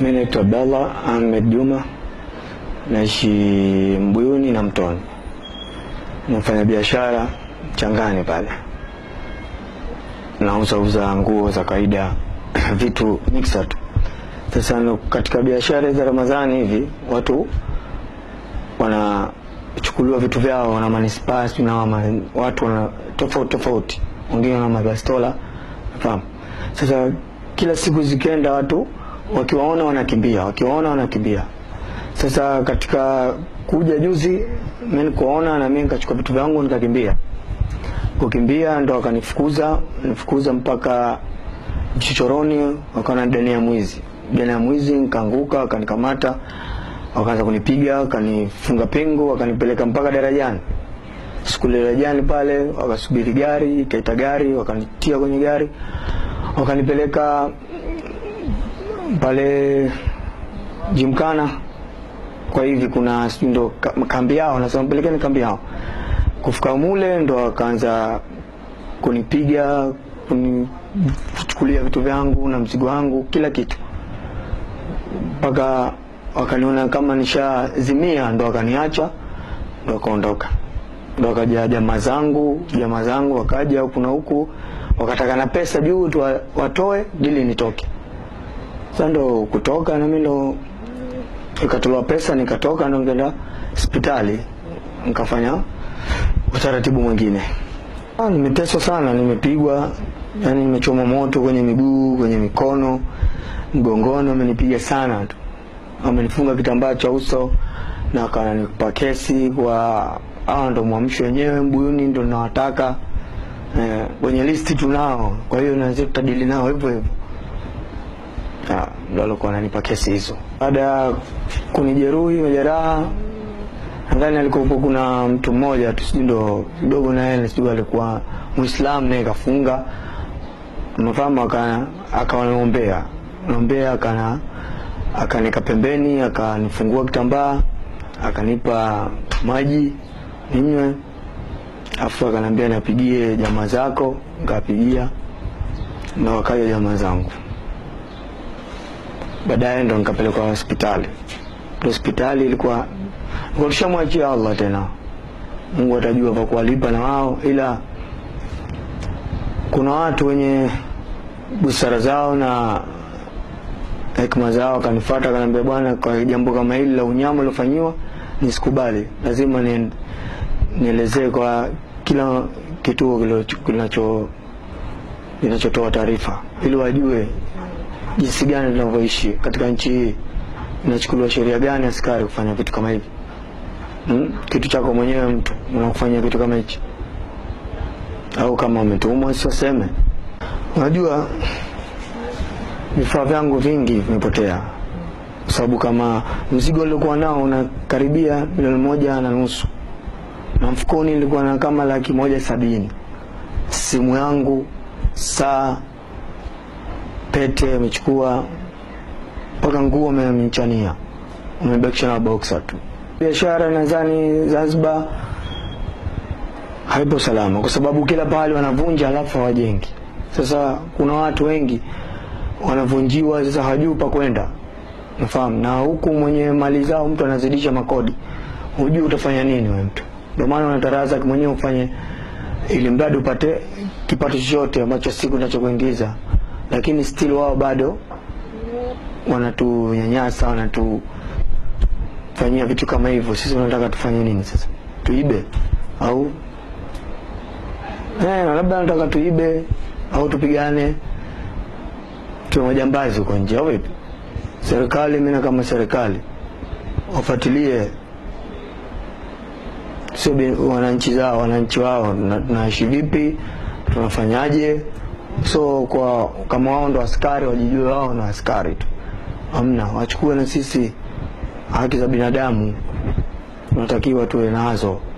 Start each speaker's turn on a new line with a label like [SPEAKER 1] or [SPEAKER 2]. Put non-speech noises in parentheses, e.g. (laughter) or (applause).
[SPEAKER 1] Mi naitwa Abdallah Ahmed Juma, naishi Mbuyuni na Mtoni, ni mfanya biashara Changani pale, nauzauza uza nguo za kawaida (clears throat) vitu mixer tu. Sasa katika biashara za Ramadhani hivi watu wanachukuliwa vitu vyao, wana manispaa na watu wana tofauti tofauti, wengine wana magastola, nafahamu. Sasa kila siku zikienda watu wakiwaona wanakimbia, wakiwaona wanakimbia. Sasa katika kuja juzi, mimi nikuona na mimi nikachukua vitu vyangu nikakimbia. Kukimbia ndo wakanifukuza, nifukuza mpaka chochoroni, wakaona ndani ya mwizi, ndani ya mwizi, nikaanguka, wakanikamata, wakaanza kunipiga, wakanifunga pingu, wakanipeleka mpaka darajani. Sikule darajani pale, wakasubiri gari, ikaita gari, wakanitia kwenye gari, wakanipeleka pale Jimkana kwa hivi kuna ndo kambi yao, nasema pelekeni kambi yao. Kufika mule ndo akaanza kunipiga kunichukulia vitu vyangu na mzigo wangu kila kitu, mpaka wakaniona kama nishazimia, ndo akaniacha, ndo akaondoka. Ndo akaja jamaa zangu, jamaa zangu wakaja huku na huku, wakataka na pesa juu watoe ili nitoke sasa ndo kutoka na mimi ndo ikatolewa pesa nikatoka, ndo nikaenda hospitali nikafanya utaratibu mwingine. Ah, nimeteswa sana, nimepigwa, yani nimechoma moto kwenye miguu, kwenye mikono, mgongoni, wamenipiga sana tu, wamenifunga kitambaa cha uso na kananipa kesi kwa hawa ah, ndo mwamsho wenyewe Mbuyuni, ndo nawataka eh, kwenye eh, listi tunao, kwa hiyo naweza tutadili nao hivyo hivyo na ndo alikuwa ananipa kesi hizo. Baada ya kunijeruhi majeraha, nadhani alikuwa kuna mtu mmoja tu, sijui ndo kidogo naye sijui alikuwa Muislamu naye kafunga mafama, akaniombea ombea, akana akanika pembeni, akanifungua kitambaa, akanipa maji ninywe, afu akaniambia niapigie jamaa zako, nikapigia na wakaja jamaa zangu baadaye ndo nikapelekwa hospitali. Hospitali ilikuwa tushamwachia Allah, tena Mungu atajua kwa kuwalipa na wao, ila kuna watu wenye busara zao na hekima zao, akanifuata akaniambia, bwana, kwa jambo kama hili la unyama lilofanyiwa nisikubali, lazima nielezee kwa kila kituo kinachotoa taarifa ili wajue jinsi gani tunavyoishi katika nchi hii, inachukuliwa sheria gani askari kufanya vitu kama hivi? Hmm? Kitu chako mwenyewe mtu unakufanya kitu kama hichi, au kama umetumwa usiseme. Unajua vifaa vyangu vingi vimepotea kwa sababu kama mzigo nilikuwa nao unakaribia milioni moja na nusu na mfukoni nilikuwa na kama laki moja sabini simu yangu saa pete amechukua, mpaka nguo amemchania, amebakisha na boxer tu. Biashara nadhani Zanzibar haipo salama, kwa sababu kila pahali wanavunja alafu hawajengi. Sasa kuna watu wengi wanavunjiwa, sasa hawajui pa kwenda, nafahamu. Na huku mwenye mali zao mtu anazidisha makodi, hujui utafanya nini wewe mtu. Ndio maana unatarazaki mwenyewe ufanye, ili mradi upate kipato chochote ambacho siku nachokuingiza lakini still wao bado wanatunyanyasa, wanatufanyia vitu kama hivyo. Sisi tunataka tufanye nini sasa? Tuibe au eh, labda nataka tuibe au tupigane tuwe majambazi huko nje au vipi? Serikali, mimi na kama serikali wafuatilie, sio wananchi zao, wananchi wao tunaishi vipi, tunafanyaje? So kwa kama wao ndo askari wajijue wao na askari tu, hamna wachukue na sisi haki za binadamu tunatakiwa tuwe nazo.